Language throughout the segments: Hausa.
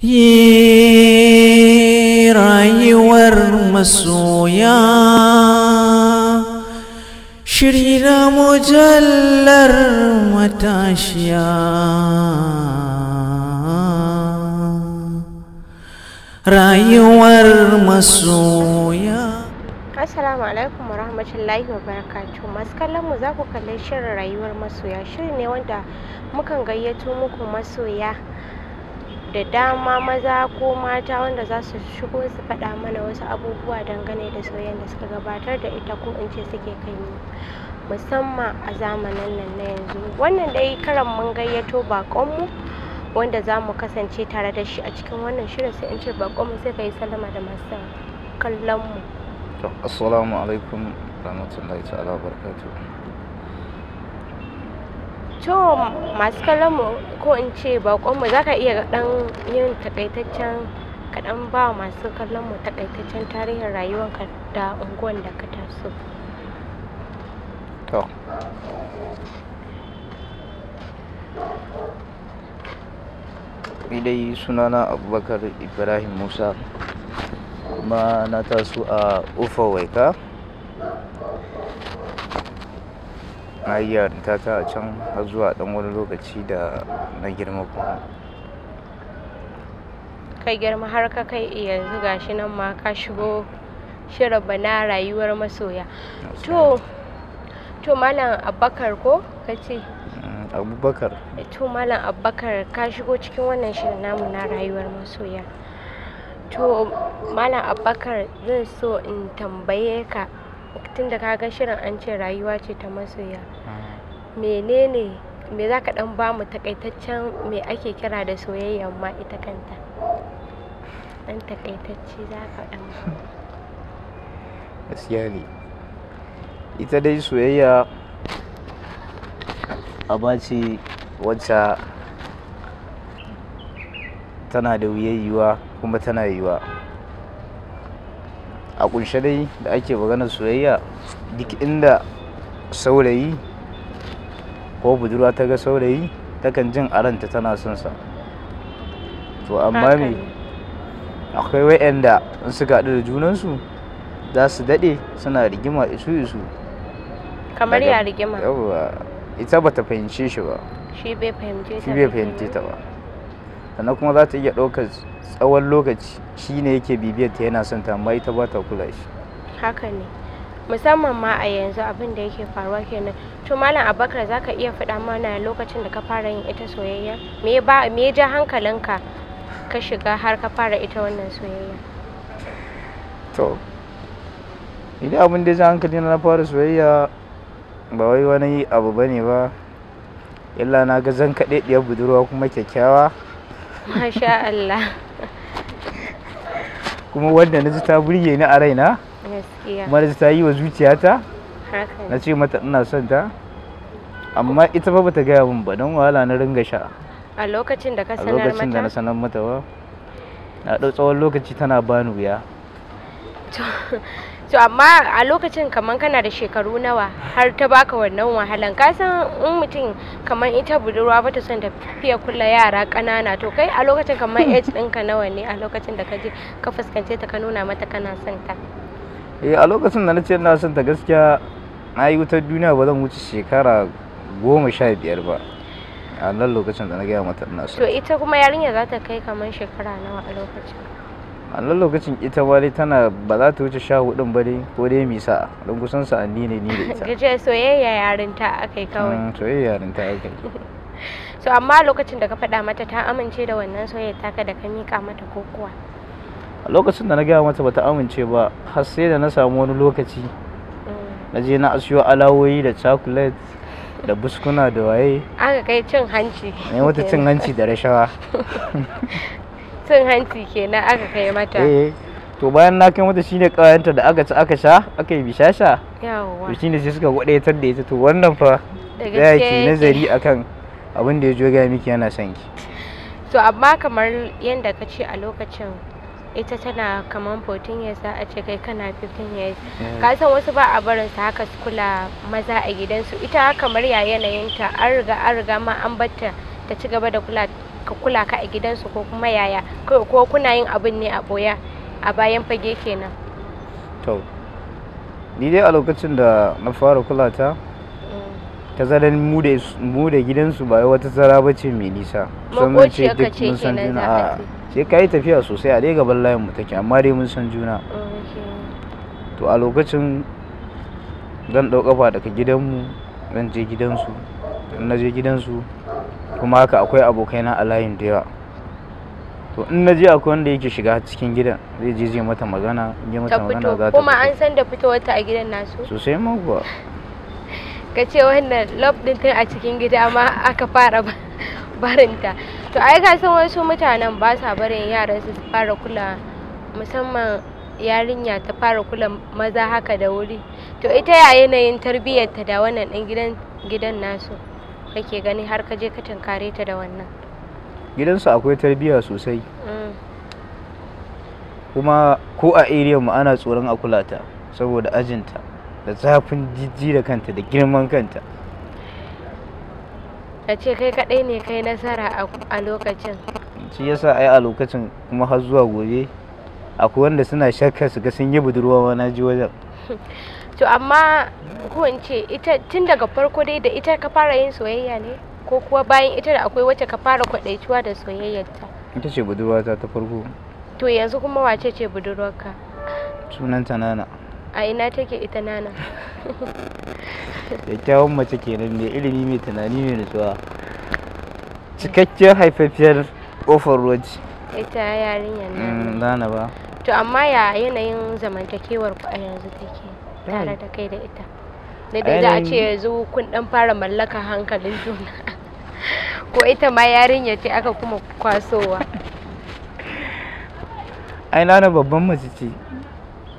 yi rayuwar masoya shiri na mujallar matashiya rayuwar masoya Assalamu alaikum warahmatullahi wabarakatuh. Masu kallon mu za ku kalli shirin rayuwar masoya. Shirin ne wanda mukan gayyato muku masoya da dama maza ko mata wanda za su shigo su faɗa mana wasu abubuwa dangane da sauyin da suka gabatar da ita ko in ce suke kan yi musamman a zamanin nan na yanzu wannan dai karan mun gayyato baƙonmu wanda za mu kasance tare da shi a cikin wannan shirin sai in ce baƙonmu sai ka yi salama da masu kallonmu assalamu alaikum rahmatullahi ta'ala barakatuhu to masu kallon mu ko in ce bakonmu mu zaka iya dan yin takaitaccen kaɗan ba masu kallon mu takaitaccen tarihin rayuwarka da unguwan da ka taso to dai sunana abubakar ibrahim musa kuma na taso a ufa waika na yi ta a can har zuwa ɗan wani lokaci da na girma kuma ka girma har ka kai yanzu gashi nan ma ka shigo shirin bana rayuwar masoya to to malam abubakar ko ka ce mm, abubakar to malam abubakar ka shigo cikin wannan shirin namu na rayuwar masoya to malam abubakar zan so in tambaye ka tun da kaga shirin an ce rayuwa ce ta masoya ah. menene me za ka dan ba mu takaitaccen me ake kira da soyayya ma ita kanta dan takaitacce za ka dan gaskiya ne ita dai soyayya aba ce wacce tana da wuyayyuwa kuma tana yiwa a kunshe dai da ake maganar soyayya duk inda saurayi ko budurwa ta ga saurayi takan jin ranta tana son sa to amma me akwai wayanda in suka haɗu da junansu za su daɗe suna rigima isu isu kamar ya rigima yawa ita bata fahimce shi ba shi bai fahimce ta ba sannan kuma za ta iya ɗaukar tsawon lokaci shi ne yake bibiyar ta yana son ta amma ita ba ta kula shi haka ne musamman ma a yanzu abin da yake faruwa kenan to malam abakar za ka iya faɗa mana lokacin da ka fara yin ita soyayya me ja hankalinka ka shiga har ka fara ita wannan soyayya to idan abin da ya ja hankali na fara soyayya ba wai wani abu bane ba illa na ga zan kaɗe budurwa kuma kyakkyawa masha Allah kuma wanda na ji ta burge ni a raina kuma na ji ta yi wa zuciyata na ce mata ina son ta amma ita ba bata gaya min ba don wahala na ringa sha a lokacin da ka sanar mata a lokacin da na sanar mata ba na ɗau tsawon lokaci tana bani wuya so amma a lokacin kamar kana da shekaru nawa har ta baka wannan wahalan ka san in mutum kamar ita budurwa bata son ta fiye kula yara ƙanana to kai a lokacin kamar hmm. age ɗinka nawa ne a lokacin da kaje ka fuskance ta ka nuna mata kana son ta eh a lokacin da na ce ina son ta gaskiya na yi wutar duniya ba zan wuce shekara goma sha biyar ba a nan lokacin da na gaya mata ina son to ita kuma yarinya za ta kai kamar shekara nawa a lokacin a nan lokacin ita wale tana ba za ta wuce sha hudun ba dai ko dai mi sa'a don kusan sa'anni ne ni da ita gaje soyayya yarinta akai kawai mm, soyayya yarinta akai so amma lokacin da ka faɗa mata ta amince da wannan soyayya taka da ka mika mata ko kuwa a lokacin da na gaya mata bata amince ba har sai da na samu wani lokaci mm. na je na asiyo alawoyi da chocolate da buskuna da waye aka kai cin hanci ne wata cin hanci da rashawa cin hanci kenan aka kai mata eh to bayan na kai mata shine kawayanta da aka ci aka sha aka yi bishasha yawa to shine sai suka gwadaitar da ita to wannan fa da ke nazari akan abin da ya joga miki yana son ki to amma kamar yadda ka ce a lokacin ita tana kamar 14 years a ce kai kana 15 years eh. ka san wasu ba a barin su haka su kula maza a gidansu ita kamar ya ta an riga an riga ma an batta ta ci gaba da kula ka kula ka a gidansu ko kuma yaya ko kuna yin abin ne a boya a bayan fage kenan to ni dai a lokacin da na fara kula ta mm. tazarar mu da gidansu ba wata tsara ba ce mai nisa sannan ce duk mun san juna a sai ka yi tafiya sosai a dai gaban layin mu take amma dai mun san juna to a lokacin zan ɗau ƙafa daga gidanmu zan je gidansu na je gidansu kuma haka akwai abokaina a layin da yawa to in na ji akwai wanda yake shiga cikin gidan zai je zai mata magana in je mata magana za ta kuma an san da fitowar ta a gidan nasu sosai ma kuwa ka ce wannan love din tun a cikin gida amma aka fara barinta to ai ka san wasu mutanen ba sa barin yaran su fara kula musamman yarinya ta fara kula maza haka da wuri to ita ya yanayin tarbiyyar ta da wannan din gidan gidan nasu kake gani har ka je ka tunkare ta da wannan gidansu akwai tarbiyya sosai mm. kuma ko a area mu ana tsoron a kula ta, saboda ajinta da zafin jijji da kanta da girman kanta ka ce kai kadai ne kai nasara a lokacin shi yasa ai a lokacin kuma har zuwa gobe akwai wanda suna shakka su ga sun yi budurwa na ji wajen to amma ko in ce ita tun daga farko dai da ita ka fara yin soyayya ne ko kuwa bayan ita da akwai wacce ka fara kwadaituwa da soyayyarta ita ce budurwata ta farko to yanzu kuma wace ce budurwarka sunanta nana a ina take ita nana kyakkyawan mace kenan mai ilimi mai tunani mai nutsuwa cikakkiyar haifaffiyar ƙofar roji ita yarinyar mm, nana ba to amma ya yanayin zamantakewar ku a yanzu take tare da kai da ita dai za a ce yanzu kun dan fara mallaka hankalin juna ko ita ma yarinya ce aka kuma kwasowa ai nana babban mace ce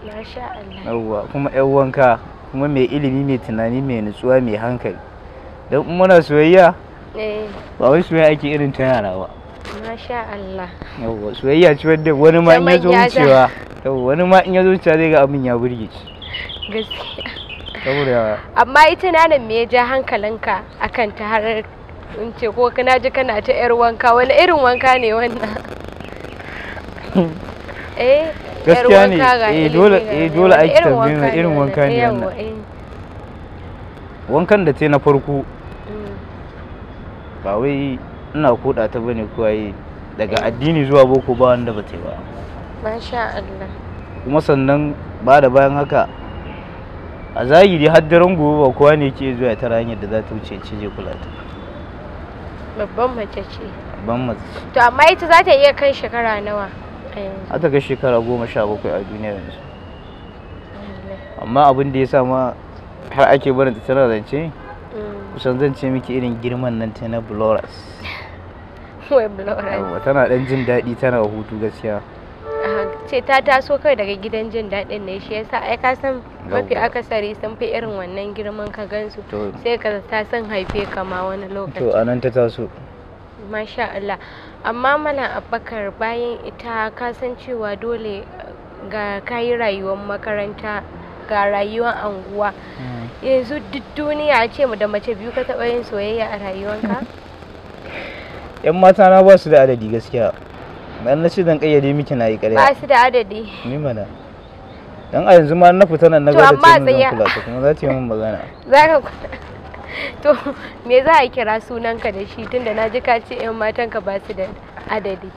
masha Allah kuma yan wanka kuma mai ilimi mai tunani mai nutsuwa mai hankali don muna soyayya eh. ba wai soyayya ake irin ta yara ba masha Allah yawwa soyayya ce wani ma in ya zo wucewa wani ma in ya zo cewa zai ga abin ya burge shi gaskiya amma ita na me ya ja hankalinka akan ta har in ce ko kana ji kana ta yar wanka wani irin wanka ne wannan eh gaskiya ne eh dole eh dole aiki tambayin irin wanka ne wannan eh, wankan da ta na farko mm. ba wai ina koda ta bane ko ai daga addini zuwa boko ba wanda ba ta yi ba masha Allah kuma sannan ba da bayan haka a zahiri har daren gobe ba kowa ne ke zuwa ta hanyar da za ta wuce ce je kula ta babban mace ce babban mace to amma ita za ta iya kai shekara nawa a ta kai shekara goma sha bakwai a duniya yanzu amma abin da ya sa ma har ake barin ta tana zance mm. kusan zan ce miki irin girman nan ta na bloras wai bloras tana dan jin daɗi tana hutu gaskiya ce ta taso kai daga gidan jin daɗin ne shi yasa ai ka san mafi akasari sun fi irin wannan girman ka gansu sai ka ta san haife ka ma wani lokaci to anan ta taso masha Allah amma mana abakar bayan ita ka san cewa dole eh, ga kayi rayuwar makaranta ga rayuwar anguwa mm. yanzu duk duniya ce mu da mace biyu ka taɓa yin soyayya a rayuwarka. yan mata na ba su da adadi gaskiya dan na ce zan kayyade miki na yi ƙarya ba su da adadi ni mana dan a yanzu ma na fita nan na ga ta ce mun kula ta kuma za ta yi min magana za ka to me za a kira sunanka da shi tunda na ji ka ce yan matanka ba su da adadi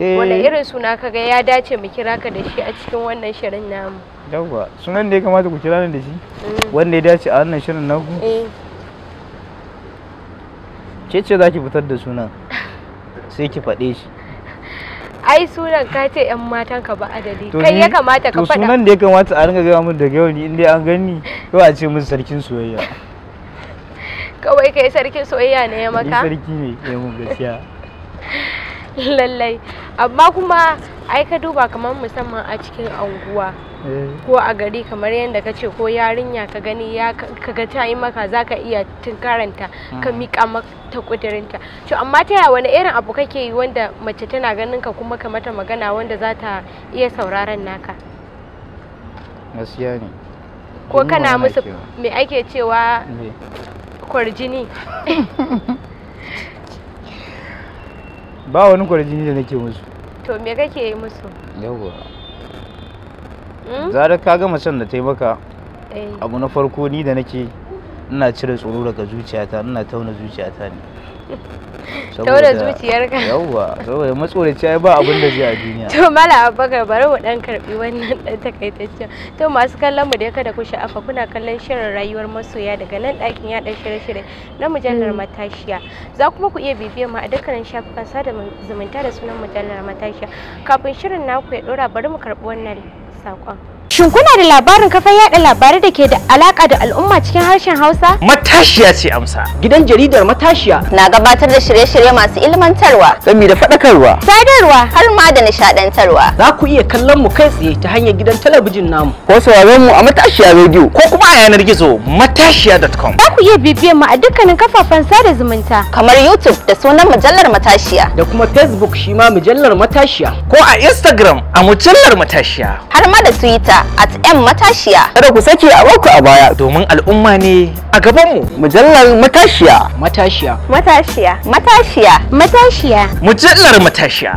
eh. wanda irin suna ka ga ya dace mu kira ka da shi a cikin wannan shirin namu yawwa sunan da ya kamata ku kira ni da shi mm. wanda ya dace a wannan shirin naku eh. ke ce za ki fitar da sunan sai ki faɗe shi ai sunan ka ce yan matan ka ba adali kai ya kamata ka faɗa to sunan da ya kamata a ringa gaya mun daga yau ni indai an gani to a ce mun sarkin soyayya kawai kai sarkin soyayya ne ya maka ni sarki ne ya eh, mun gaskiya lallai amma kuma ai ka duba kamar musamman a cikin anguwa Eh. ko a gari kamar yadda ka ce ko yarinya ka gani ya kaga ta yi maka za ka iya tunkaranta ka mm. miƙa mata ƙudurinta to amma ta yaya wani irin abu kake yi wanda mace tana ganin ka kuma ka mata magana wanda za ta iya sauraron naka gaskiya ne ko kana musu me ake cewa kwarjini ba wani kwarjini da nake musu to me kake yi musu yawwa Hmm? zarar ka ga macen da taimaka eh. abu na farko ni da nake ina cire tsoro daga zuciyata ina tauna zuciyata ne tauna zuciyarka yawwa saboda matsoraci ai ba abin da zai a duniya to mala abubakar bari mu dan karbi wannan dan takaitaccen to masu kallon mu da da ku sha'afa kuna kallon shirin rayuwar masoya daga nan ɗakin ya dan shirye-shirye na mujallar hmm. matashiya za kuma ku iya bibiyar mu a dukkanin shafukan sada zumunta da sunan mujallar matashiya kafin shirin naku ya dora bari mu karbi wannan አቋም Shin kuna da labarin kafar yada labarai da ke da alaka da al'umma cikin harshen Hausa? Matashiya ce amsa. Gidan jaridar Matashiya na gabatar da shirye-shirye masu ilmantarwa, gami da faɗakarwa, sadarwa har ma da nishaɗantarwa. Za ku iya kallon mu kai tsaye ta hanyar gidan talabijin namu. Ko sauraron mu a Matashiya rediyo. ko kuma a yanar gizo matashiya.com. Za ku iya bibiyar mu a dukkanin kafafen sada zumunta kamar YouTube da sunan mujallar Matashiya da kuma Facebook shi ma mujallar Matashiya ko a Instagram a mujallar Matashiya har ma da Twitter at M Matashiya. Kada ku sake a a baya domin al'umma ne a gabanmu. Mujallar Matashiya. Matashiya. Matashiya. Matashiya. Matashiya. Mujallar Matashiya.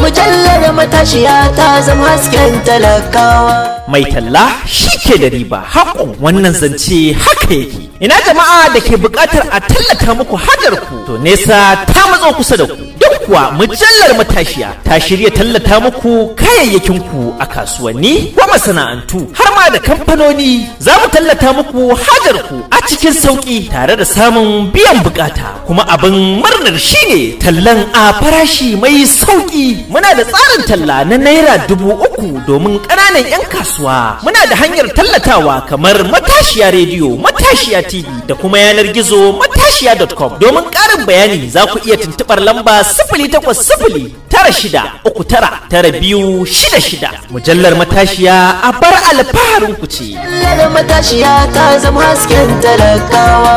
Mujallar Matashiya ta zama hasken talakawa. mai talla shi ke da riba haƙo wannan zance haka yake ina jama'a da ke buƙatar a tallata muku hajar ku to nesa ta matso kusa da ku kuwa mujallar matashiya ta shirya tallata muku kayayyakin ku a kasuwanni ko masana'antu har ma da kamfanoni za mu tallata muku hajar ku a cikin sauki tare da samun biyan bukata kuma abin murnar shine tallan a farashi mai sauki muna da tsarin talla na naira dubu uku domin ƙananan 'yan kasuwa muna da hanyar tallatawa kamar matashiya rediyo matashiya tv da kuma yanar gizo matashiya.com domin ƙarin bayani za ku iya tuntuɓar lamba sifili takwas sifili tara shida uku tara tara biyu shida shida mujallar matashiya a bar alfaharin ku ce. Mujallar matashiya ta zama hasken talakawa.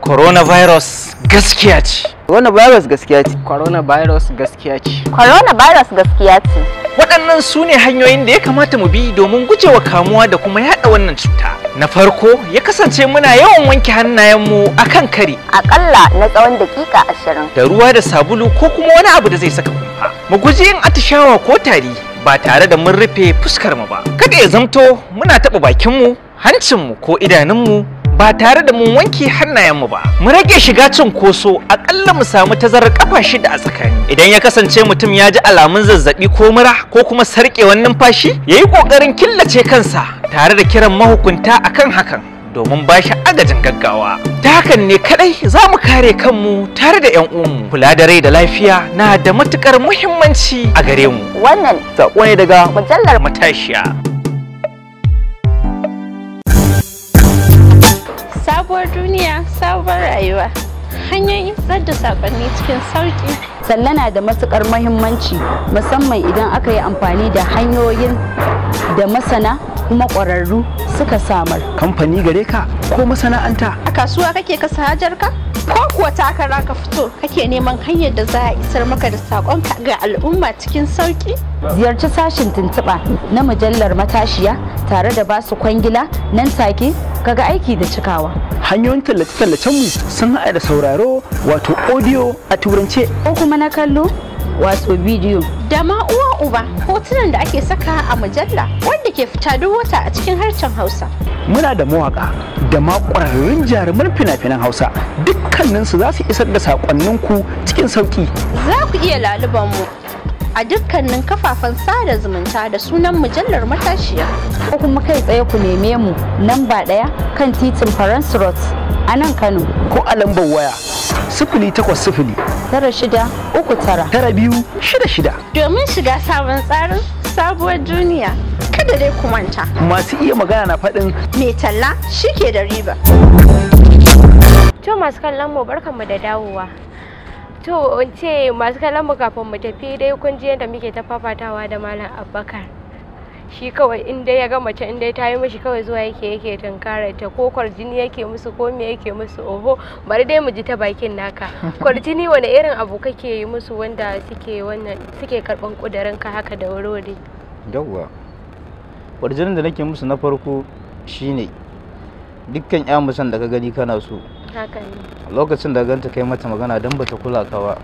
Coronavirus gaskiya ce. Coronavirus gaskiya ce. Coronavirus gaskiya ce. Coronavirus gaskiya ce. Waɗannan su ne hanyoyin da ya kamata mu bi domin wa kamuwa da kuma yaɗa wannan cuta. Na farko ya kasance muna yawan wanke hannayenmu a kan kare. Aƙalla na tsawon daƙiƙa ashirin. Da ruwa da sabulu ko kuma wani abu da zai saka kumfa. Mu guji yin atishawa ko tari ba tare da mun rufe fuskar mu ba. Kada ya zamto muna taɓa bakinmu, hancinmu ko idanunmu ba tare da mun wanke hannayenmu ba mu rage shiga cinkoso akalla mu samu tazarar kafa shida a tsakani idan ya kasance mutum ya ji alamun zazzabi ko mura ko kuma sarkewan numfashi ya yi ƙoƙarin killace kansa tare da kiran mahukunta akan hakan domin ba shi agajin gaggawa ta hakan ne kadai za mu kare kanmu tare da 'yan mu. kula da rai da lafiya na da matukar muhimmanci a gare mu wannan sako ne daga mujallar matashiya sabuwar duniya sabuwar rayuwa hanyoyin isar da saƙonni cikin sauƙi. sallana da matuƙar mahimmanci musamman idan aka yi amfani da hanyoyin da masana kuma ƙwararru suka samar kamfani gare ka ko masana'anta a kasuwa kake kasa hajar ka ko kuwa takara ka fito kake neman hanyar da za a isar maka da saƙonka ga al'umma cikin sauƙi? Ziyarci sashin tuntuɓa na mujallar matashiya tare da basu kwangila nan take kaga aiki da cikawa. Hanyoyin tallace-tallacen mu sun haɗa da sauraro wato audio a turance ko kuma na kallo wato bidiyo da ma uwa uba hotunan da ake saka a mujalla wanda ke fita duk wata a cikin harshen hausa muna da mawaka da ma ƙwararrun jaruman fina-finan hausa dukkaninsu za su isar da saƙonninku cikin sauƙi za ku iya laluban mu a dukkanin kafafen sada zumunta da sunan mujallar matashiya ko kuma kai tsaye ku neme mu nan ba ɗaya kan titin faransu a nan Kano. Ko a lambar waya sifili takwas sifili. Tara shida uku tara. Tara biyu shida shida. Domin shiga sabon tsarin sabuwar duniya. Kada dai ku manta. Masu iya magana na faɗin. Mai talla shi ke da riba. To masu kallon mu da dawowa. To in ce masu kallon mu kafin mu tafi dai kun ji yadda muke ta fafatawa da Malam Abubakar. shi kawai in dai ya ga mace in dai ta yi mishi kawai zuwa yake yake tunkarar ta ko kwarjini yake musu ko me yake musu oho bari dai mu ji ta bakin naka kwarjini wani irin abu kake yi musu wanda suke wannan suke karban kudarin ka haka da wuri wuri yawwa kwarjinin da nake musu na farko shine dukkan ya musan da ka gani kana so haka ne lokacin da ganta kai mata magana don bata kula ka ba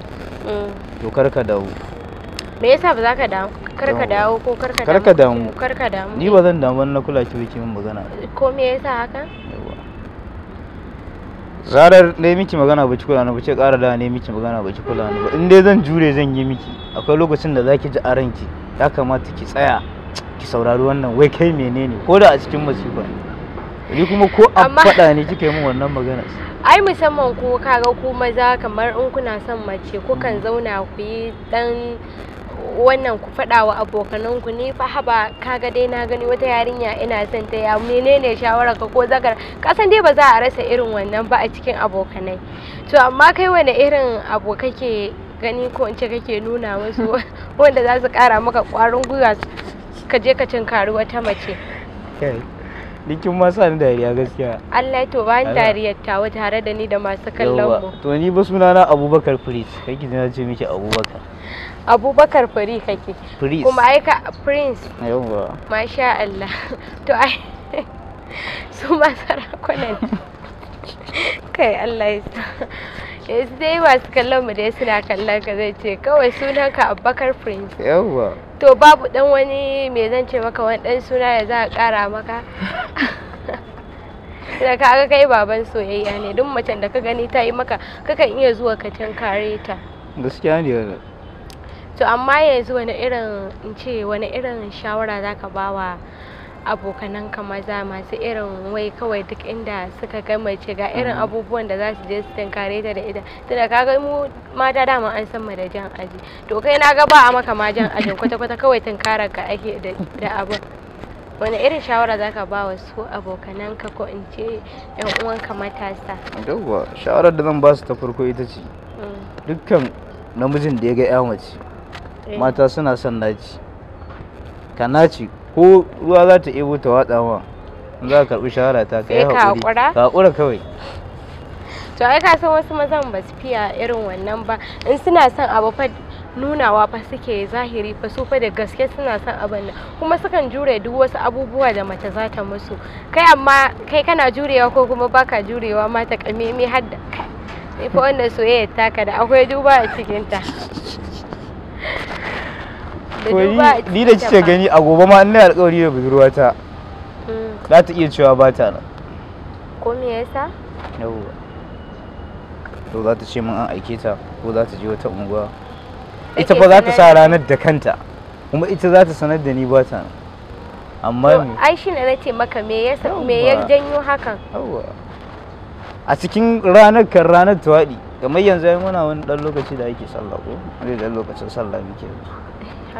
mm. to kar ka dawo me yasa ba za ka dawo karka dawo ko karka ka damu karka damu ni ba zan damu na kula ki biki min magana ko me yasa haka zarar ne miki magana ba ki kula na ba ce ƙara da ne miki magana ba ki kula na ba in dai zan jure zan yi miki akwai lokacin da zaki ji a ranki ya kamata ki tsaya ki saurari wannan wai kai menene ko da a cikin masifa ni kuma ko a faɗa ne kike yi min wannan magana ai musamman ko kaga ko maza kamar in kuna son mace ko kan zauna ku yi dan wannan ku faɗa wa abokananku ni fa haba kaga dai na gani wata yarinya ina son ta ya menene shawarar ka ko zakar kasan dai ba za a rasa irin wannan ba a cikin abokanai to amma kai wani irin abu kake gani ko in ce kake nuna musu wanda za su kara maka kwarin gwiwa ka je ka cinkari wata mace Dikin ma sa ni dariya gaskiya. Allah to ba ni dariyar tawo tare da ni da masu kallon mu. To ni ba sunana Abubakar fritz Kai ki na ce miki Abubakar. abubakar fari kake kuma aika prince yawwa masha Allah to ai su ma sarakunan kai Allah ya yanzu dai masu kallon mu dai suna kallon ka zai ce kawai sunan ka abubakar prince yawwa to babu dan wani me zan ce maka wani dan suna ya za a kara maka da kaga kai baban soyayya ne duk macen da ka gani ta yi maka kakan iya zuwa ka kare ta gaskiya ne to amma yanzu wani irin in ce wani irin shawara za ka ba wa abokananka maza masu irin wai kawai duk inda suka kai mace ga irin mm. abubuwan da za su je su tunkare ta da ita tunda kaga mu mata dama an san da jan aji to kai na ga ba a maka ma jan aji kwata kwata kawai tunkarar ka ake da abin wani irin shawara za ka ba wa su abokananka ko in ce yan uwanka matasa yawwa shawarar da zan ba su ta farko ita ce mm. dukkan namijin da ya ga ya mace Eh. mata suna son naci ka naci ko ruwa za ta ebo ta wada ma in za ka karɓi shahara ta ka yi haƙuri ka haƙura kawai to ai ka san wasu mazan ba su fiya irin wannan ba in suna son abu fa nunawa fa suke zahiri fa su fa da gaske suna son abin nan kuma sukan jure duk wasu abubuwa da mace za ta musu kai amma kai kana jurewa ko kuma baka jurewa mata kamemi har da kai fa wannan soyayya taka da akwai duba a cikinta to ni da kike gani a gobe ma ina alƙawari da budurwata mm. za ta iya cewa ba ta nan ko me yasa yawwa to za ta ce min an aike ta ko za ta je wata unguwa ita fa za ta sa ranar da kanta kuma ita za ta sanar da ni ba ta nan amma ai shi na ce maka me yasa me ya janyo hakan yawwa a cikin ranar kan ranar tawadi kamar yanzu muna wani ɗan lokaci da ake sallah ko wani ɗan lokacin sallah muke yanzu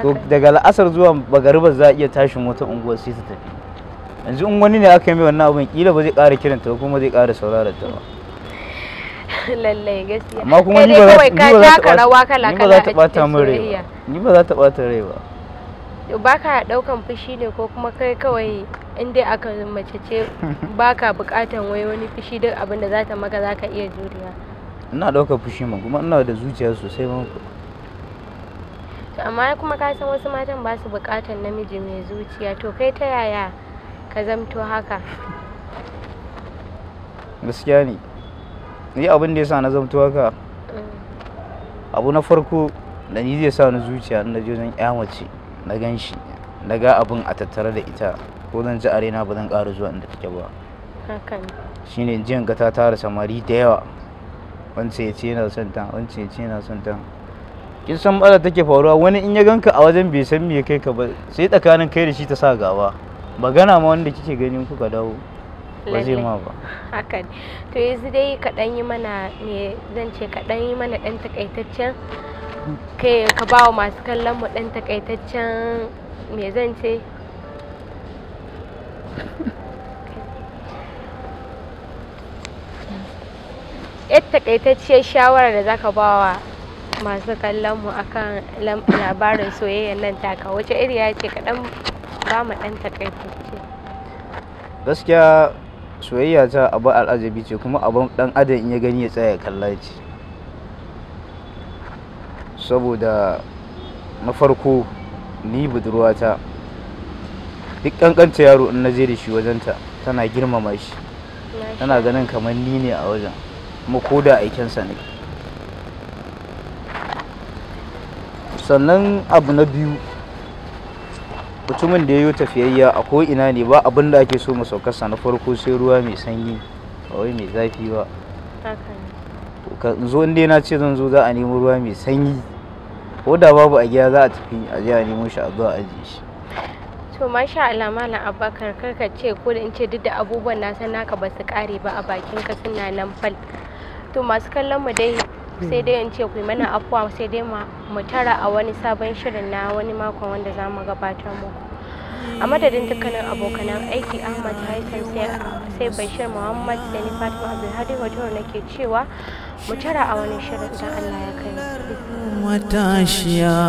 to daga la'asar zuwa bagaruba za a iya tashin wata unguwar sai ta tafi yanzu in wani ne aka yi mai wannan abin kila ba zai ƙara kiran ta kuma zai ƙara sauraron ta ba gaskiya amma kuma ni ba za ta bata min rai ba ni ba za ta bata rai ba baka daukan fushi ne ko kuma kai kawai in dai aka mace ce baka bukatan wai wani fushi duk abin da za ta maka za ka iya juriya ina daukan fushi ma kuma ina da zuciya sosai ma to amma kuma ka san wasu matan ba su buƙatar namiji mai zuciya to kai ta yaya ka zamto haka gaskiya ne ni abin da ya sa na zamto haka mm. abu na farko da ni zai sa ni zuciya na je wajen ya mace na gan shi na ga abin a tattare da ita ko zan ji arena ba zan ƙara zuwa inda take ba shine jiyan ga ta tara samari da yawa wance ya ce yana son ta wance ya ce yana son ta kin san matsala take faruwa wani in ya ganka a wajen bai san me kai ka ba sai tsakanin kai da shi ta sa gaba magana ma wanda kike ganin kuka dawo ba zai ma ba haka to yanzu dai kaɗan yi mana me zan ce kaɗan yi mana ɗan takaitaccen kai ka ba wa masu kallon mu ɗan takaitaccen me zan ce yar takaitacciyar shawara da zaka ba wa masu kallon mu akan labarin soyayyar nan taka wace iriya ce kaɗan ba mu ɗan takaitacce gaskiya soyayya ta abu al'ajabi ce kuma abin ɗan adam in ya gani ya tsaya kalla ce saboda na farko ni budurwata duk kankanta yaro in na je da shi wajenta tana girmama shi tana ganin kamar ni ne a wajen kuma ko da aikensa ne sannan abu na biyu mutumin da ya yi tafiyayya a ko'ina ne ba abin da ake so mu saukarsa na farko sai ruwa mai sanyi a wai mai zafi ba ka zo inda yana ce zan zo za a nemo ruwa mai sanyi ko da babu a gida za a tafi a je a nemo shi a zo a ajiye shi to masha Allah malam abakar ka ce ko da in ce duk da abubuwan na san naka ba su kare ba a bakin ka suna nan fal to masu kallon mu dai sai hmm. dai in ce ku mana afuwa sai dai mu tara a wani sabon shirin na wani makon wanda za mu gabatar muku a madadin dukkanin abokanan aiki ahmad haitham sai bashir muhammad da ni fatima abdulhadi hotel nake cewa mu tara a wani shirin don allah ya kai matashiya